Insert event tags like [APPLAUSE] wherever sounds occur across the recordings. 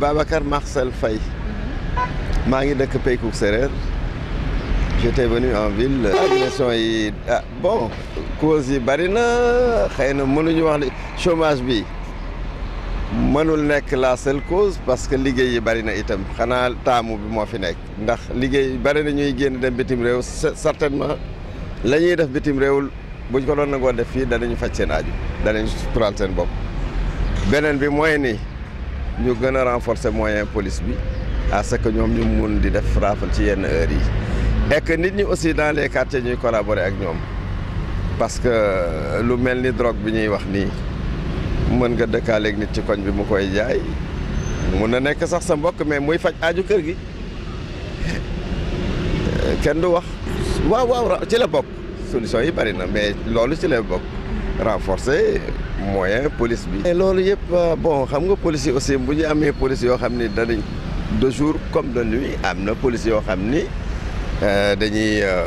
Babacar Marcel Faye. maa ngi dëkk Peykouk Séréer. j'étais venu en ville. yi ah bon cause yi bari na xëy na mënuñu wax ne chômage bi mënul nekk la seule cause parce que liggéey yi bari na itam xanaa taamu bi moo fi nekk. ndax liggéey bari na ñuy génn dem bitim réew certainement la ñuy def bitim réew buñ ko doon nangoo def fii danañu faj seen aaju danañu tural seen bopp beneen bi mooy ni. ñu gën a renforcer moyen police bi à ce que ñoom ñu mun di def rafle ci yenn heures yi et nit ñi aussi dans les quartiers ñuy collaborer ak ñoom parce que lu mel ni drogue bi ñuy wax nii mën nga dëkkaaleeg nit ci koñ bi mu koy jaay mun na nekk sax sa mbokk mais muy faj aaju kër gi kenn du wax waaw waaw ci la bokk solution yi bari na mais loolu ci la bokk renforcer moyen police bi. loolu yëpp euh, bon xam nga police yi aussi bu ñu amee police yoo xam ni danañ de jour comme de nuit am na police yoo xam ni euh, dañuy euh,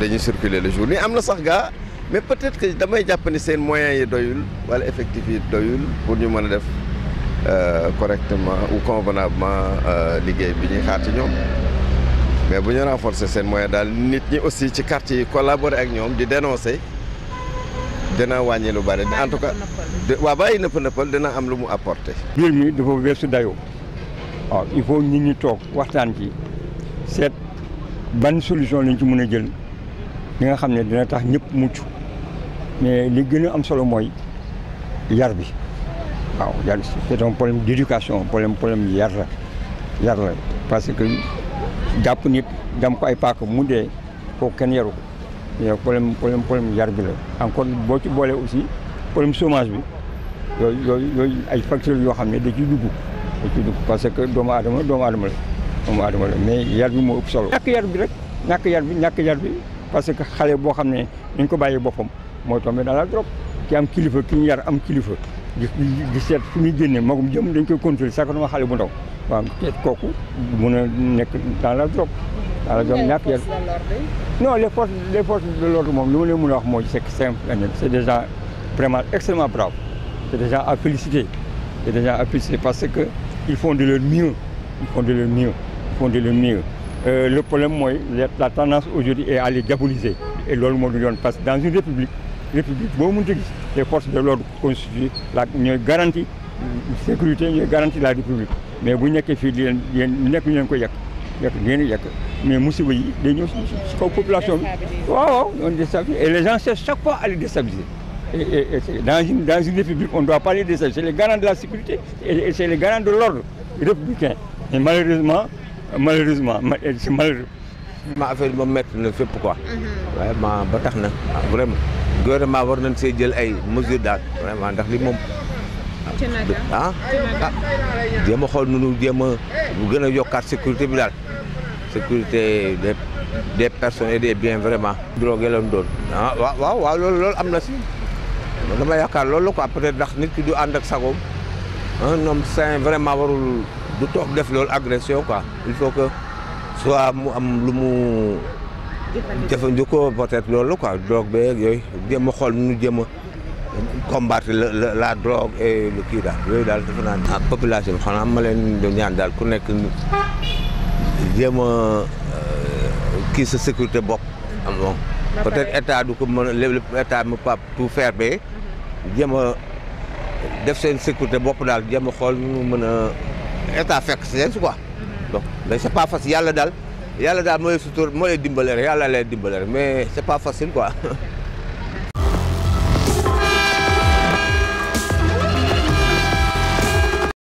dañuy circuler le jour nii am na sax gaa mais peut-être que damay jàpp ni seen moyens yi doyul wala effectif yi doyul pour ñu mën a def correctement ou convenablement liggéey bi ñuy xaar ci ñoom. mais bu ñu renforcer seen moyen daal nit ñi aussi ci quartier yi collaborer ak ñoom di dénoncer. dina wàññee lu bari en tout cas waaw bàyyi nëpp nëppal dina am lu mu apporté. mbir mi dafa weesu dayoo waaw il faut nit ñi toog waxtaan ci seet ban solution lañ ci mën a jël li nga xam ne dina tax ñëpp mucc mais li gën a am solo mooy yar bi waaw yar bi c'est un problème d'éducation polem problème yar la yar la parce que jàpp nit dam ko ay paaka mu dee kooku kenn yaru yow problème problème problème yar bi la encore boo ci boolee aussi problème chômage bi yooyu yooyu yooyu ay facteurs yoo xam ne da ciy dugg da ci dugg parce que doomu aadama doomu aadama la doomu aadama la mais yar bi moo ëpp solo. ñàkk yar bi rek ñàkk yar bi ñàkk yar bi parce que xale boo xam ne dañ ko bàyyi boppam mooy tombé dans la drogue ki am kilifa ki yar am kilifa di di seet fu muy génne magum jëm dañ koy contrôler sax dama xale bu ndaw kooku mun a nekk dans la drogue. alors ah, donc ñàkk yar non les forces de l'ordre moom li ma leen mën a wax mooy c'est simple la c'est des gens vraiment extrêmement braves c'est des gens à féliciter parce que il font de leur mieux ils font de leur mieux ils font de leur mieux euh, le problème mooy la tendance aujourd'hui est à les et loolu moo du yoon parce que dans une république république boo mënta gis les forces de l'ordre constituent la garanti sécurité ñooy garantie la république mais bu nekkee fii di leen yéen nekk ñu leen ko yàq yàq ngeen yàq mais musiba yi day ñëw si kaw population bi waaw waaw on déstabilise et les gens cherchent chaque fois à les déstabiliser et, et, et dans une république on doit pas les déstabiliser c'est les garants de la sécurité et c'est les garants de l'ordre républicain mais malheureusement malheureusement c'est ma affaire moom métti na fépp quoi mhm. vraiment ba tax na vraiment gouvernement war nañ see jël ay mesures daal vraiment ndax li moom ah ah jéem a xool nunu jéem gën a yokkaat sécurité bi daal sécurité des des personnes et des biens vraiment. drogue lañ doon ah, waaw waaw loolu loolu am na si dama yaakaar loolu la quoi peut-être ndax nit ki du ànd ak sagoom un homme sain vraiment warul du toog def loolu agression ko il faut que soit mu am lu mu. jëfandikoo peut-être loolu quoi drogue beeg yooyu jéem a xool nu jéem a combattre la la drogue et le kii daal yooyu daal dafa naan. ah population bi xanaa ma leen ñaan daal ku nekk. jéem a euh, kii sa sécurité bopp am moom peut-être état du ko mën lépp état mu pas tout faire ba mhm. jéem a def seen sécurité bopp daal jéem a xool ñu mën a état fekk si leen si quoi mhm. donc mais c'est pas facile yàlla daal yàlla daal mooy sutur moo lay dimbale rek yàlla lay dimbale rek mais c'est pas facile quoi [LAUGHS]